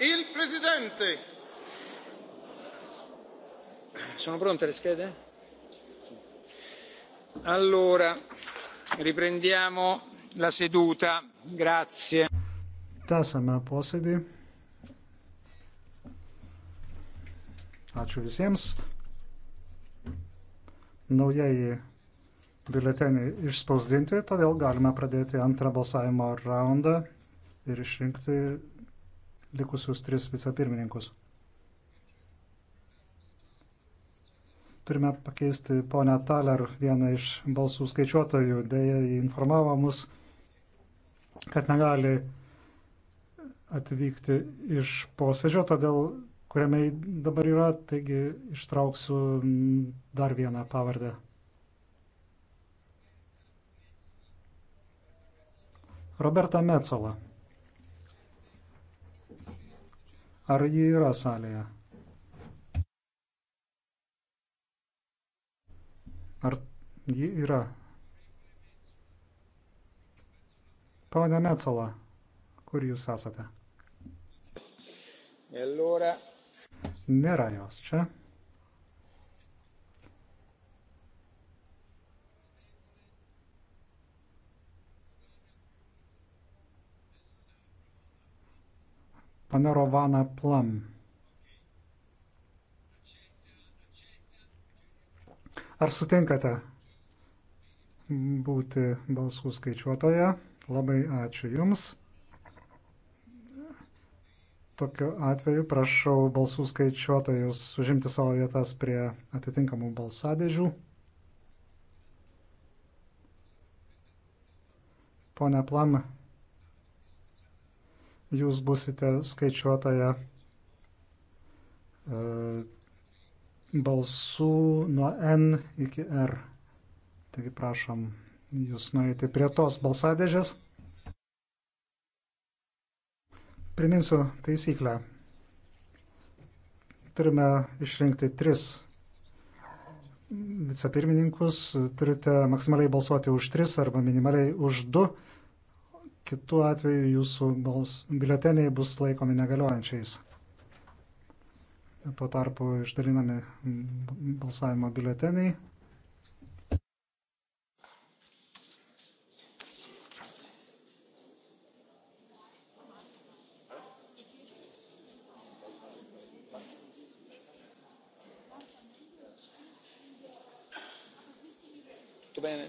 il presidente. sono pronte le schede? allora riprendiamo la seduta grazie. tęsiame posėdį. ačiū visiems. naujieji biuleteniai išspausdinti, todėl galime pradėti antrą balsavimo raundą ir išrinkti likusius tris vicepirmininkus. Turime pakeisti ponę Taler, vieną iš balsų skaičiuotojų. Deja, jį informavo mus, kad negali atvykti iš posėdžio, todėl kuriame dabar yra, taigi ištrauksiu dar vieną pavardę. Roberta Metzola. Ar ji yra salėje? Ar ji yra? Pavadė Metsala, kur jūs esate? E Nėra jos čia. Pana Rovana Plam. Ar sutinkate būti balsų skaičiuotoje? Labai ačiū Jums. Tokiu atveju prašau balsų skaičiuotojus užimti savo vietas prie atitinkamų balsadėžių. Pone Plam, jūs busite skaičiuotoje e, balsų nuo N iki R. Taigi prašom jūs nueiti prie tos balsadėžės. Priminsiu taisyklę. Turime išrinkti tris vicepirmininkus, turite maksimaliai balsuoti už tris arba minimaliai už du Kitu atveju jūsų biuleteniai bus laikomi negaliojančiais. Tuo tarpu išdalinami balsavimo biuleteniai. bene.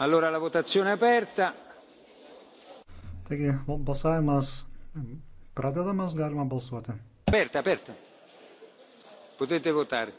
Allora la votazione è aperta. Taigi, balsavimas pradedamas, galima balsuoti. Aperta, aperta. Potete votare.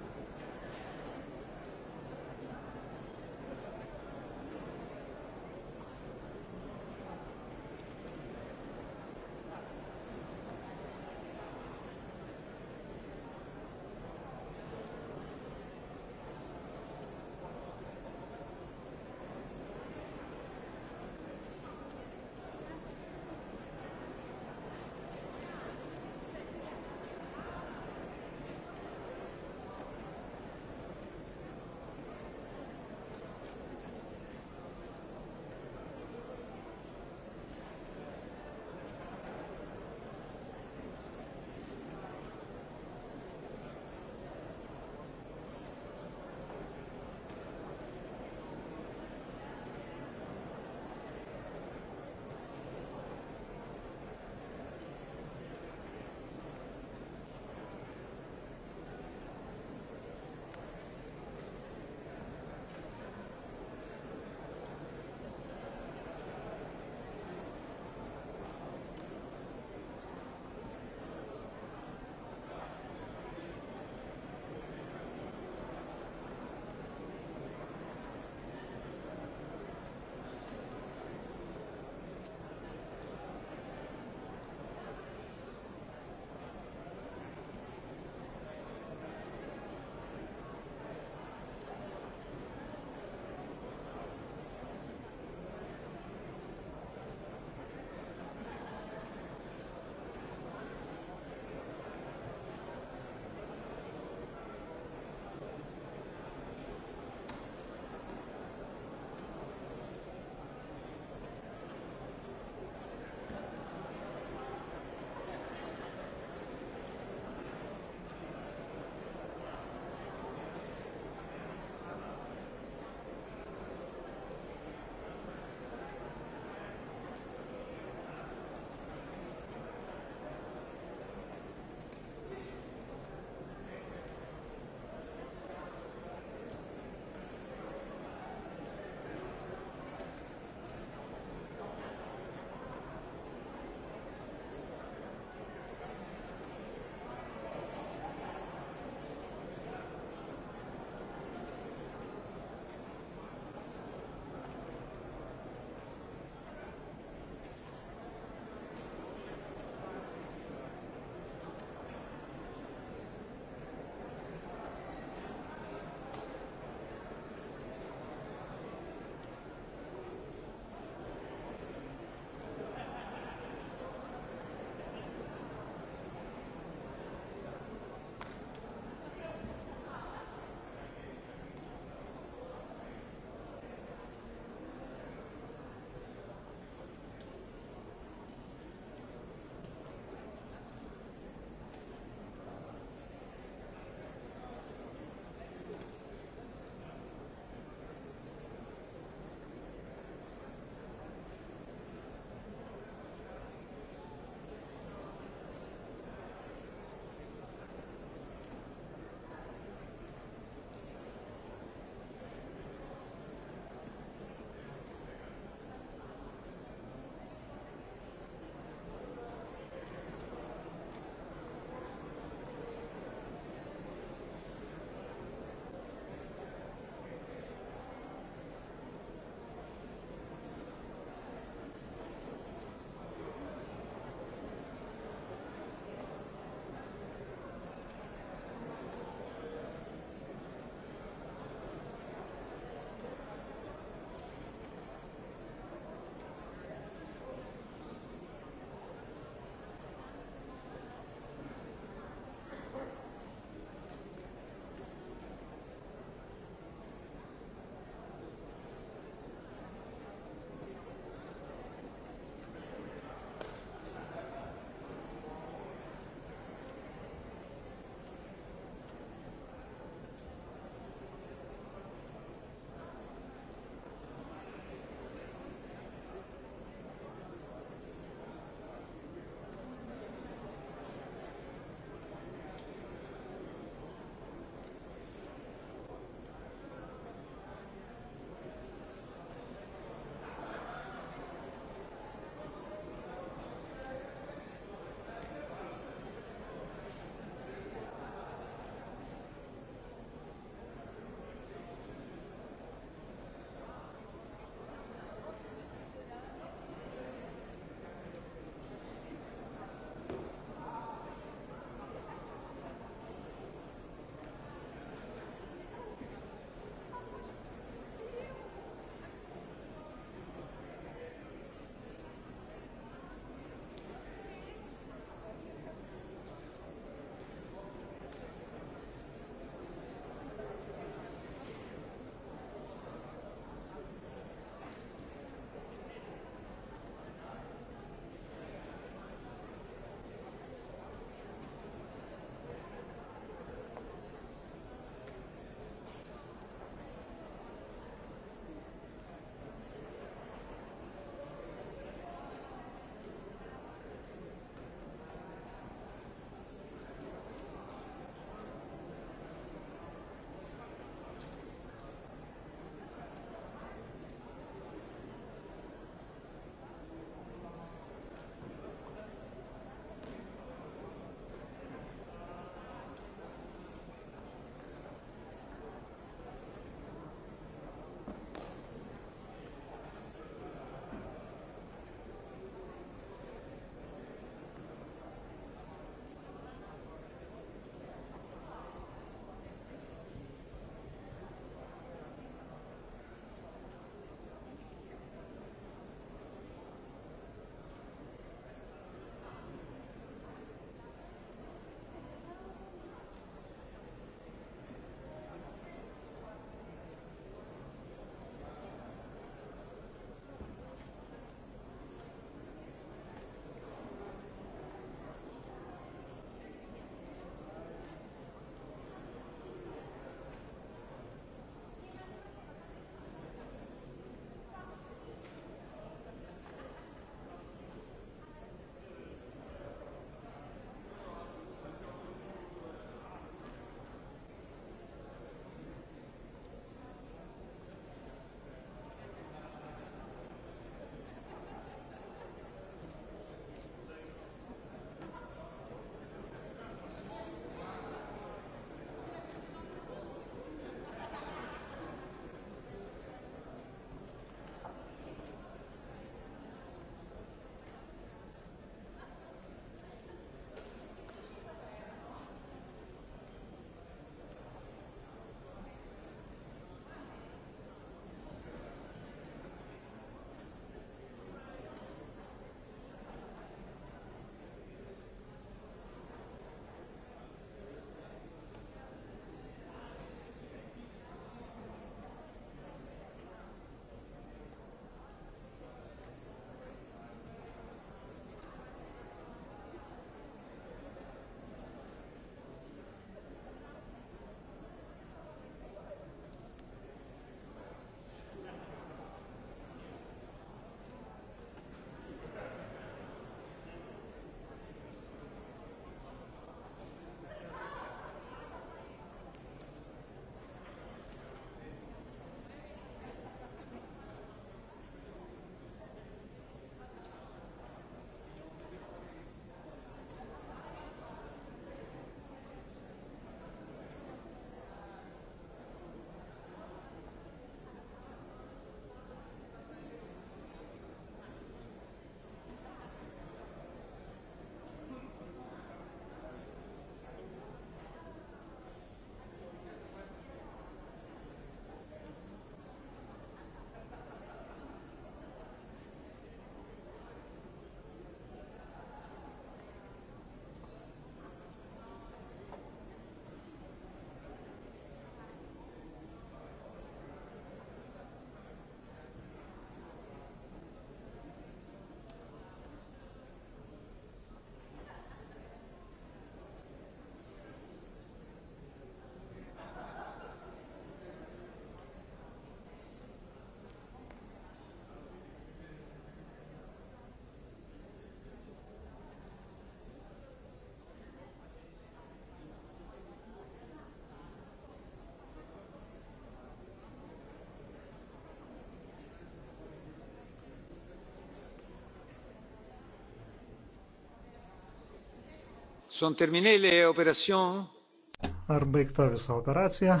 Ar baigta visa operacija?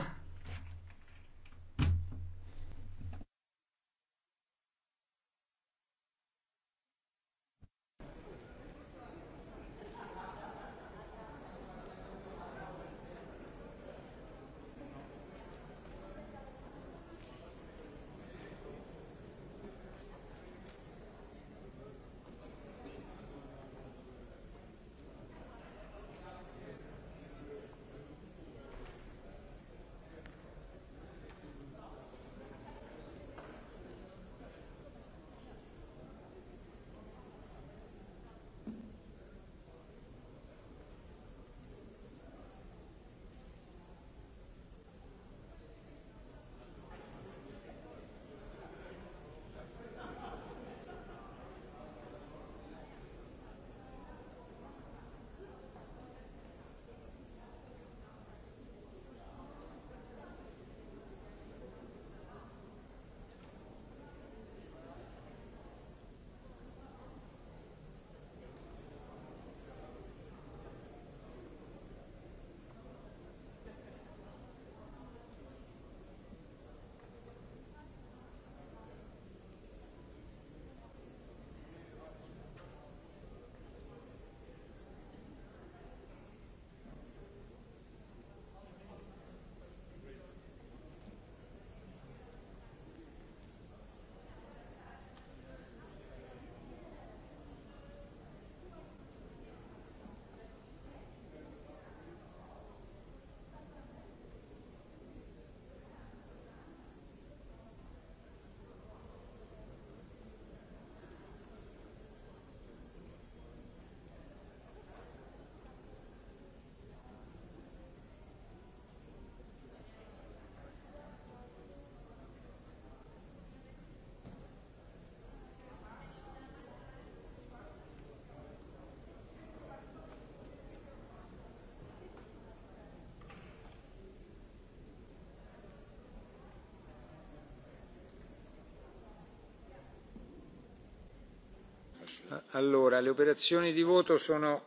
Allora, le operazioni di voto sono.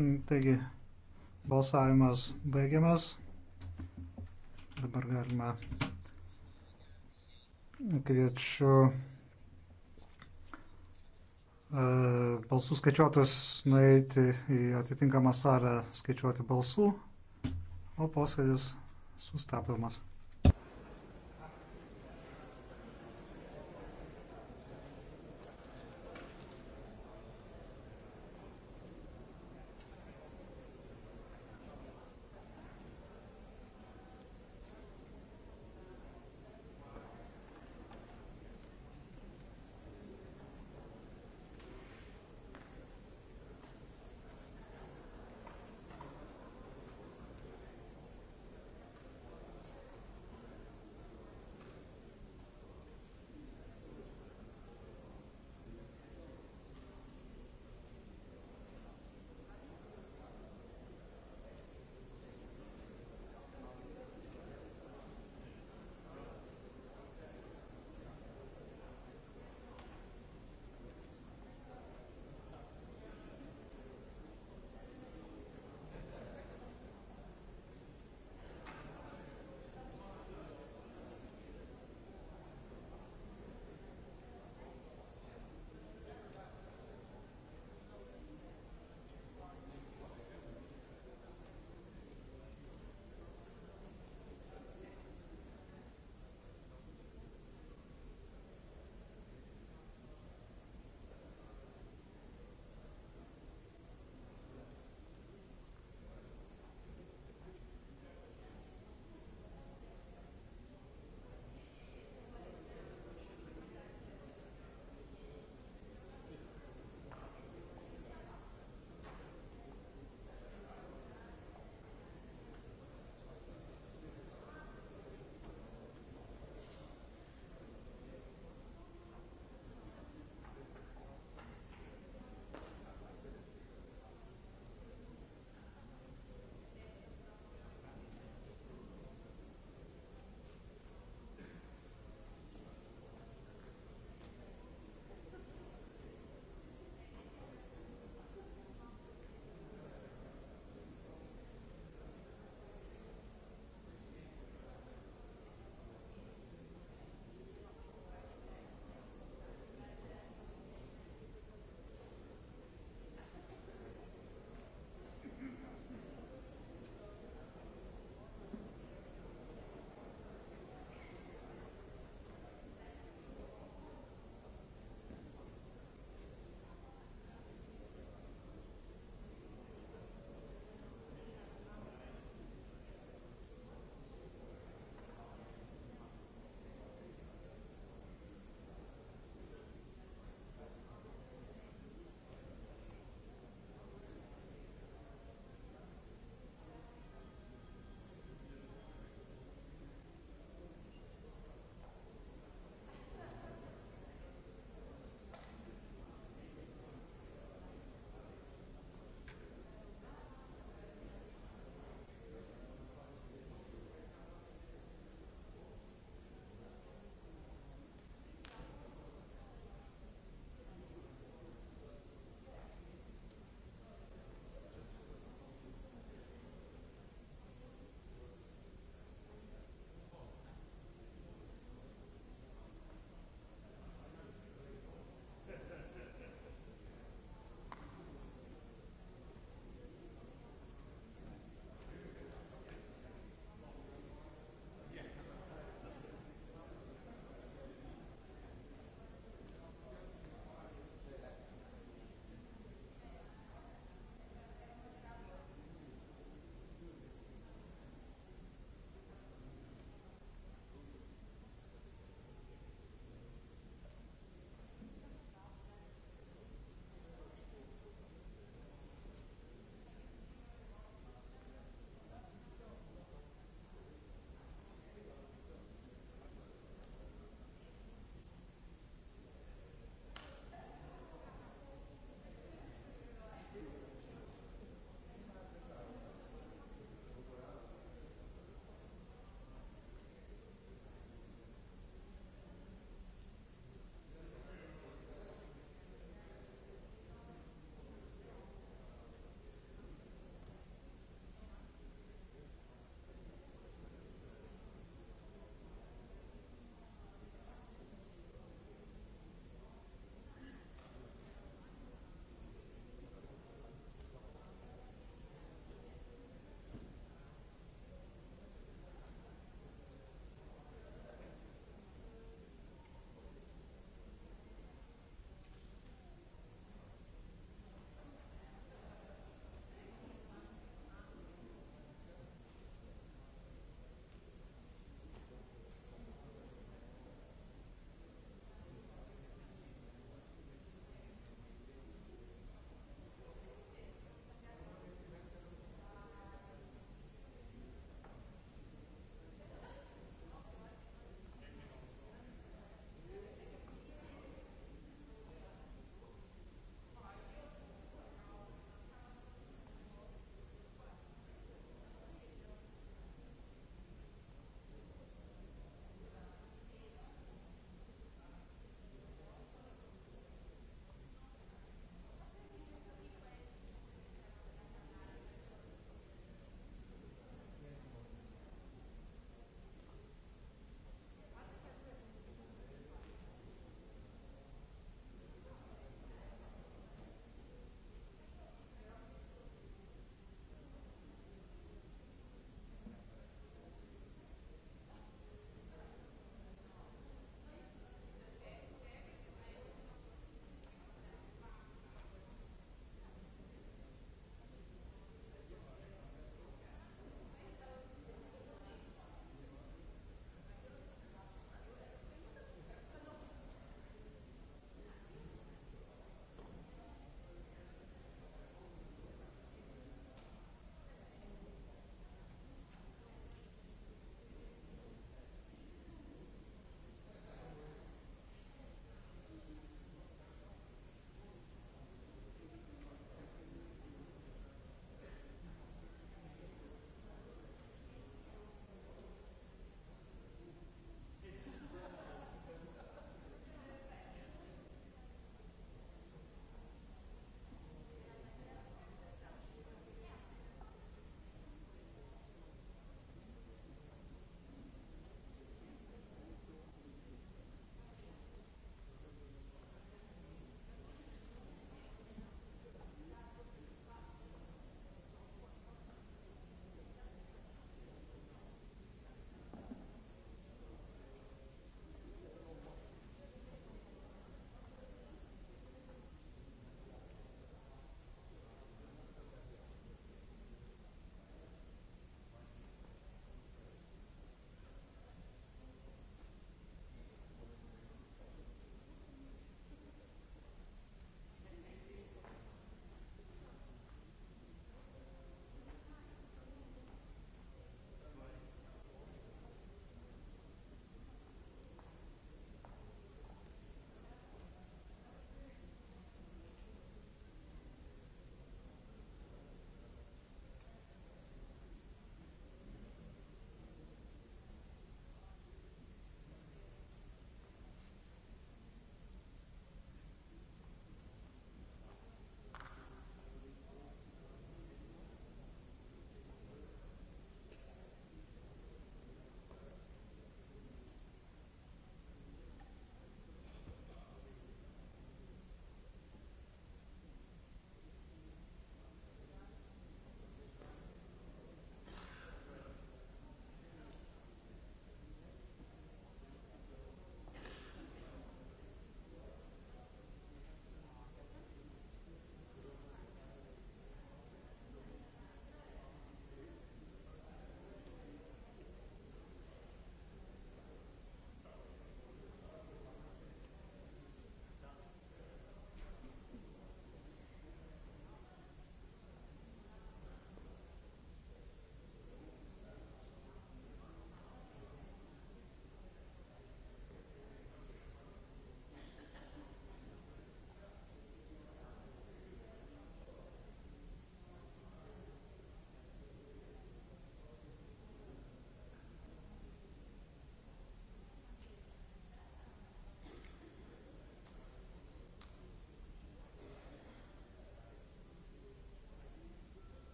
Mm, taigi, balsavimas baigiamas. Dabar galima. Kviečiu e, balsų skaičiuotus nueiti į atitinkamą salę skaičiuoti balsų, o posėdis sustabdomas.